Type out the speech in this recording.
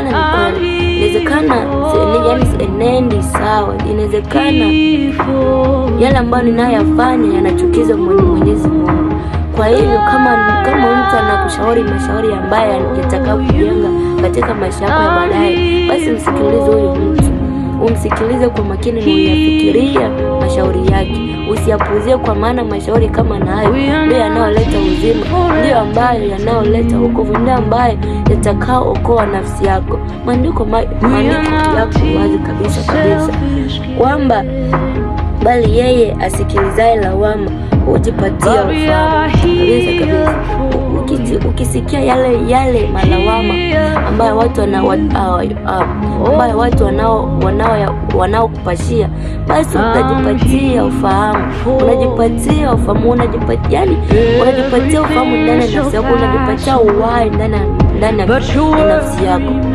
inawezekana mikono, inawezekana yani enendi sawa, inawezekana yale ambayo ninayoyafanya yanachukiza Mwenyezi Mungu. Kwa hivyo kama kama mtu anakushauri mashauri ambayo yatakayo kujenga katika maisha yako ya baadaye, basi msikilize huyo mtu, umsikilize kwa makini na uyafikiria mashauri yake, usiyapuzie kwa maana mashauri kama nayo ndio yanayo ndiyo ambayo yanayoleta wokovu, ndiyo ambayo yatakaookoa nafsi yako. Maandiko maandiko yako wazi kabisa kabisa kwamba bali yeye asikilizaye lawama hujipatia ufahamu kabisa kabisa wakati ukisikia yale yale malawama ambayo watu wana, uh, uh, ambayo watu wanao wanaokupashia basi utajipatia ufahamu, unajipatia ufahamu, unajipatia yani, unajipatia ufahamu ndani ya nafsi yako, unajipatia uwai ndani ya nafsi yako.